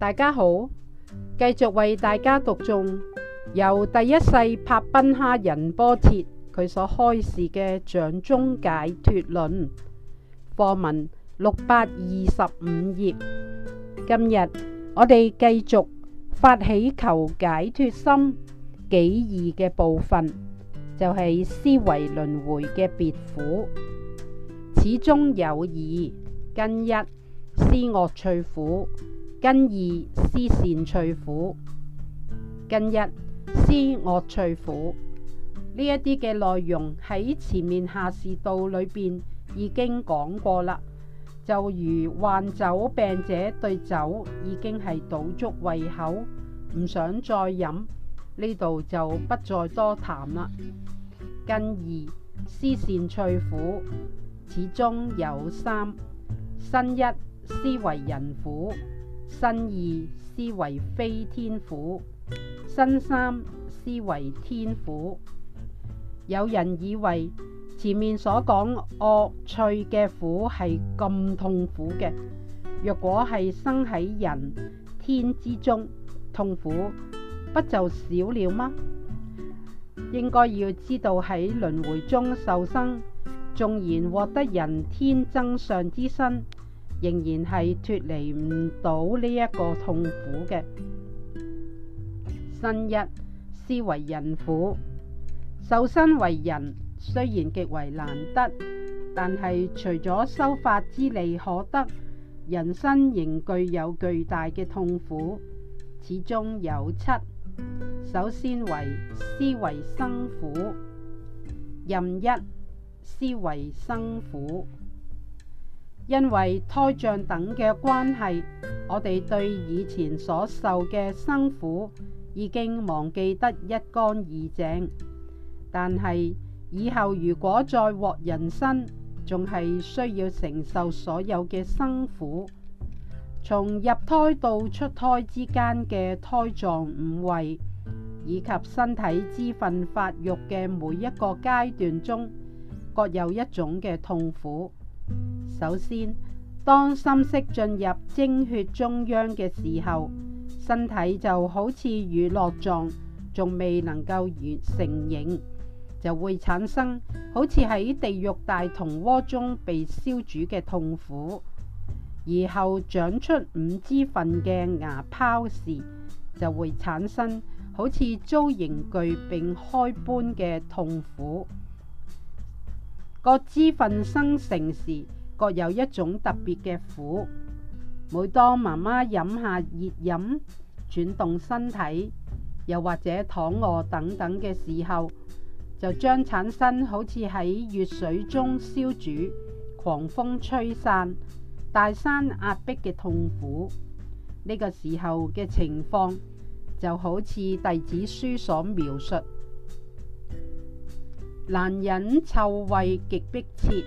大家好，繼續為大家讀誦由第一世帕賓哈仁波切佢所開示嘅《掌中解脱論》課文六百二十五頁。今日我哋繼續發起求解脱心己二嘅部分，就係、是、思維輪迴嘅別苦，始終有二庚，一思惡趣苦。根二思善趣苦，根一思惡趣苦。呢一啲嘅內容喺前面下士道裏邊已經講過啦。就如患酒病者對酒已經係倒足胃口，唔想再飲，呢度就不再多談啦。根二思善趣苦，始終有三。新一思為人苦。新二思為非天苦，新三思為天苦。有人以為前面所講惡趣嘅苦係咁痛苦嘅，若果係生喺人天之中，痛苦不就少了嗎？應該要知道喺輪回中受生，縱然獲得人天增上之身。仍然係脫離唔到呢一個痛苦嘅身。一，思為人苦。受身為人雖然極為難得，但係除咗修法之利可得，人生仍具有巨大嘅痛苦。始終有七，首先為思為生苦，任一，思為生苦。因為胎障等嘅關係，我哋對以前所受嘅辛苦已經忘記得一乾二淨。但係以後如果再獲人身，仲係需要承受所有嘅辛苦。從入胎到出胎之間嘅胎藏五位，以及身體滋份發育嘅每一個階段中，各有一種嘅痛苦。首先，當心色進入精血中央嘅時候，身體就好似乳酪狀，仲未能夠完全成形，就會產生好似喺地獄大銅鍋中被燒煮嘅痛苦。而後長出五肢份嘅牙泡時，就會產生好似遭刑具並開般嘅痛苦。各肢份生成時，各有一種特別嘅苦。每當媽媽飲下熱飲、轉動身體，又或者躺卧等等嘅時候，就將產生好似喺熱水中燒煮、狂風吹散、大山壓迫嘅痛苦。呢、這個時候嘅情況就好似弟子書所描述，男人臭胃極逼切。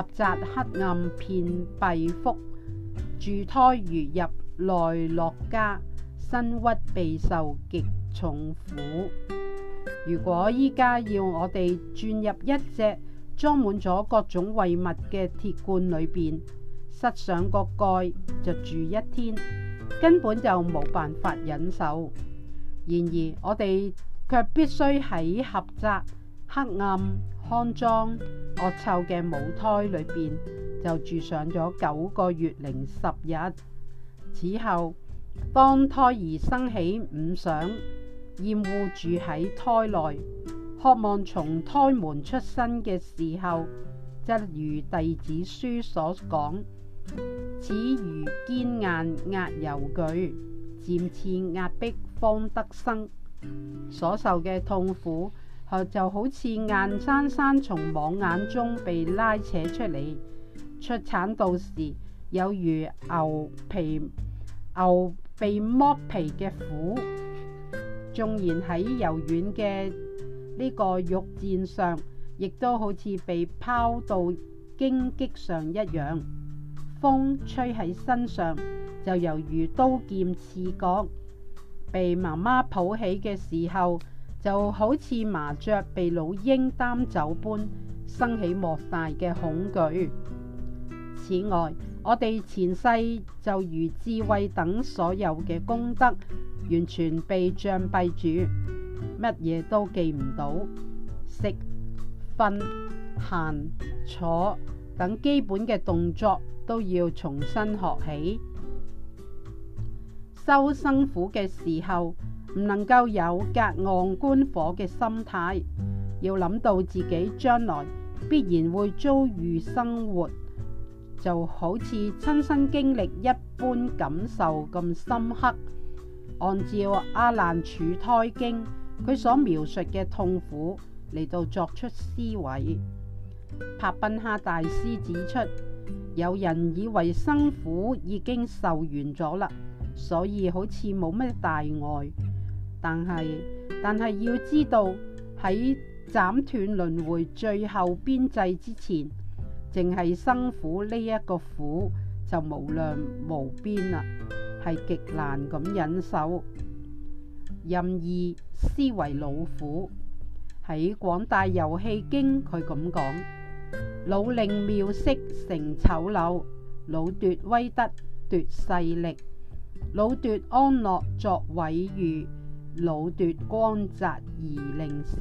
狹窄黑暗遍閉福，住胎如入內落家，身屈備受極重苦。如果依家要我哋轉入一隻裝滿咗各種穢物嘅鐵罐裏邊，塞上個蓋就住一天，根本就冇辦法忍受。然而我哋卻必須喺狹窄，黑暗、骯髒、惡臭嘅母胎裏邊，就住上咗九個月零十日。此後，當胎兒生起五想，厭惡住喺胎內，渴望從胎門出生嘅時候，則如弟子書所講：此如堅硬壓油鋸，漸次壓迫方得生，所受嘅痛苦。就好似硬生生從網眼中被拉扯出嚟，出產道時，有如牛皮牛被剝皮嘅苦，縱然喺柔軟嘅呢個肉墊上，亦都好似被拋到荊棘上一樣。風吹喺身上，就猶如刀劍刺骨，被媽媽抱起嘅時候。就好似麻雀被老鷹擔走般，生起莫大嘅恐懼。此外，我哋前世就如智慧等所有嘅功德，完全被障蔽住，乜嘢都記唔到，食、瞓、行、坐等基本嘅動作都要重新學起。修辛苦嘅時候。唔能夠有隔岸觀火嘅心態，要諗到自己將來必然會遭遇生活，就好似親身經歷一般感受咁深刻。按照阿難處胎經佢所描述嘅痛苦嚟，到作出思維，帕賓哈大師指出，有人以為辛苦已經受完咗啦，所以好似冇咩大礙。但係，但係要知道喺斬斷輪回最後邊際之前，淨係生苦呢一個苦就無量無邊啦，係極難咁忍受。任意思維老苦，喺廣大遊戲經，佢咁講：老令妙色成醜陋，老奪威德奪勢力，老奪安樂作毀譽。老奪光澤而令死，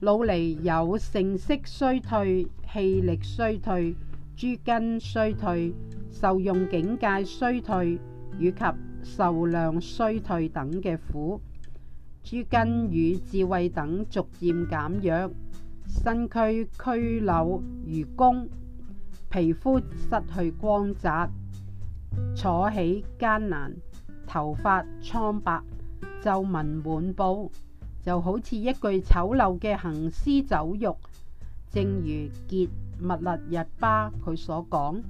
老嚟有性色衰退、氣力衰退、諸根衰退、受用境界衰退，以及壽量衰退等嘅苦。諸根與智慧等逐漸減弱，身軀拘扭如弓，皮膚失去光澤，坐起艱難。頭髮蒼白，皺紋滿布，就好似一具醜陋嘅行屍走肉。正如傑密勒日巴佢所講：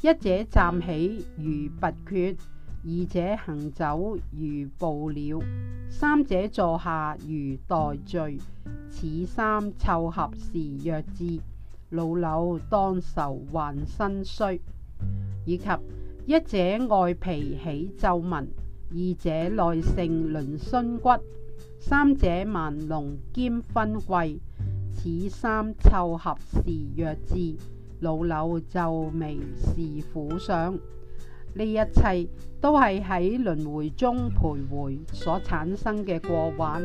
一者站起如拔橛，二者行走如布鳥，三者坐下如待罪。此三湊合時若智，若之老朽當受還身衰，以及。一者外皮起皺紋，二者內性輪身骨，三者萬龍兼分貴。此三湊合是弱智，老柳皺眉是苦相。呢一切都係喺輪回中徘徊所產生嘅過患。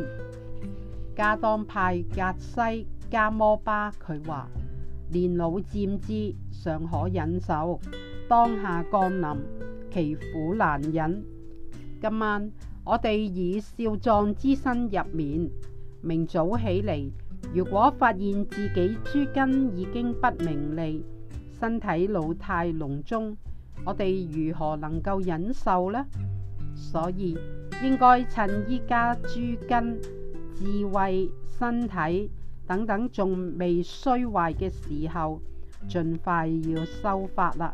加當派格西加摩巴佢話：年老漸之，尚可忍受。當下降臨，其苦難忍。今晚我哋以少壯之身入眠。明早起嚟，如果發現自己諸根已經不明利，身體老態龍鐘，我哋如何能夠忍受呢？所以應該趁依家諸根、智慧、身體等等仲未衰壞嘅時候，盡快要修法啦。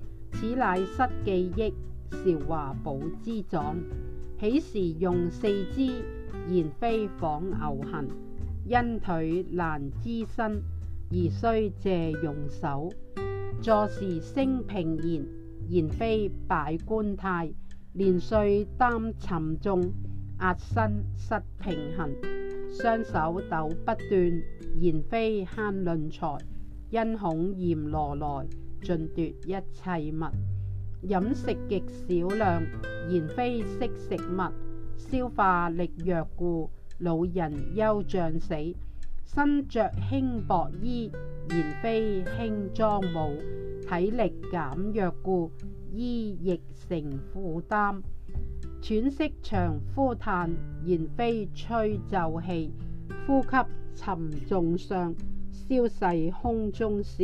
此乃失記憶，韶華寶之壯。起時用四肢，言非仿牛行，因腿難支身，而須借用手。坐時聲平言，言非擺官態，年歲擔沉重，壓身失平衡，雙手抖不斷，言非慳吝財。因恐閻羅來。盡奪一切物，飲食極少量，然非惜食物，消化力弱故。老人憂將死，身着輕薄衣，然非輕裝務，體力減弱故，衣亦成負擔。喘息長呼嘆，然非吹奏器，呼吸沉重相，消逝空中笑。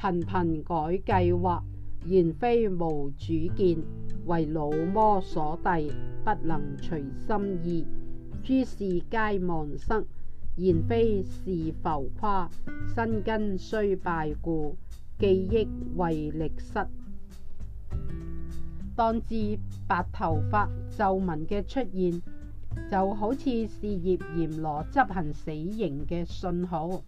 頻頻改計劃，言非無主見，為老魔所遞，不能隨心意。諸事皆忘失，言非是浮誇。身根雖敗故，記憶為力失。當至白頭髮、皺紋嘅出現，就好似是葉閻羅執行死刑嘅信號。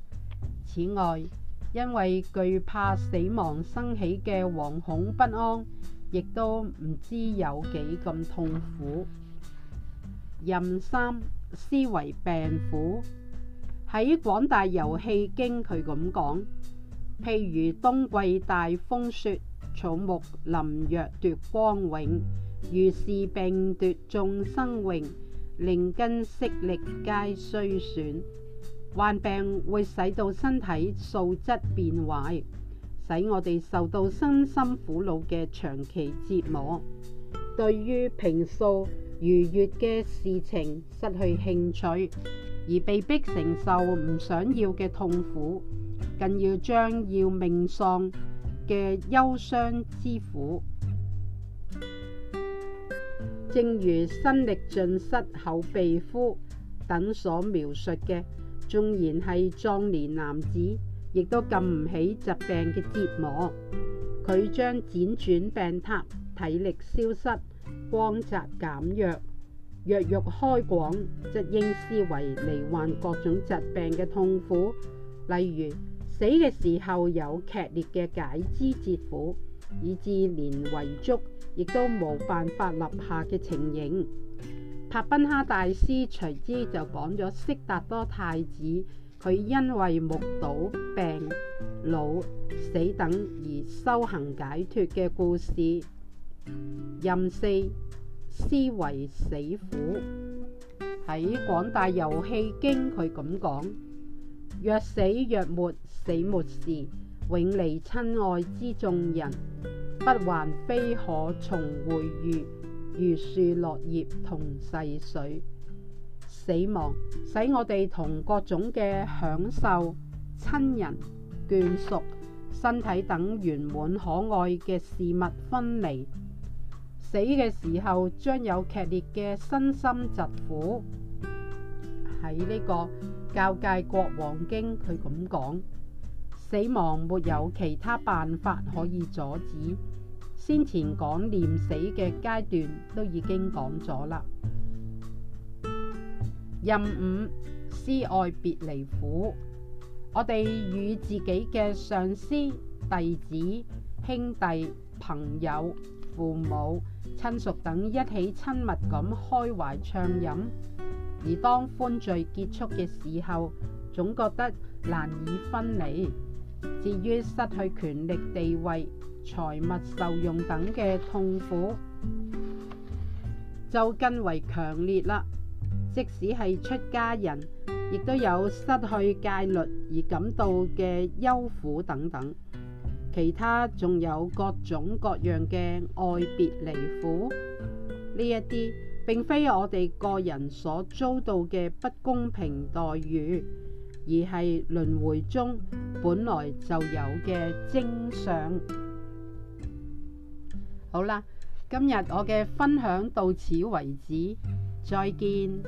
此外，因為懼怕死亡生起嘅惶恐不安，亦都唔知有幾咁痛苦。任三思維病苦，喺廣大遊戲經佢咁講，譬如冬季大風雪，草木林若奪光榮，如是病奪眾生榮，令根息力皆衰損。患病會使到身體素質變壞，使我哋受到身心苦惱嘅長期折磨。對於平素愉悅嘅事情失去興趣，而被迫承受唔想要嘅痛苦，更要將要命喪嘅憂傷之苦，正如身力盡失、口鼻枯等所描述嘅。縱然係壯年男子，亦都禁唔起疾病嘅折磨。佢將輾轉病榻，體力消失，光澤減弱，藥欲開廣，則應思維罹患各種疾病嘅痛苦。例如死嘅時候有劇烈嘅解肢折苦，以致連遺囑亦都冇辦法立下嘅情形。帕賓哈大師隨之就講咗悉達多太子佢因為目睹病、老、死等而修行解脫嘅故事。任四思維死苦，喺廣大遊戲經佢咁講：若死若沒，死沒時，永離親愛之眾人，不還非可重會遇。如樹落葉同逝水，死亡使我哋同各種嘅享受、親人、眷屬、身體等圓滿可愛嘅事物分離。死嘅時候，將有劇烈嘅身心疾苦。喺呢、這個教界國王經，佢咁講：死亡沒有其他辦法可以阻止。先前講念死嘅階段都已經講咗啦。任五思愛別離苦，我哋與自己嘅上司、弟子、兄弟、朋友、父母、親屬等一起親密咁開懷暢飲，而當歡聚結束嘅時候，總覺得難以分離。至於失去權力地位，財物受用等嘅痛苦就更為強烈啦。即使係出家人，亦都有失去戒律而感到嘅憂苦等等。其他仲有各種各樣嘅愛別離苦，呢一啲並非我哋個人所遭到嘅不公平待遇，而係輪回中本來就有嘅真相。好啦，今日我嘅分享到此為止，再見。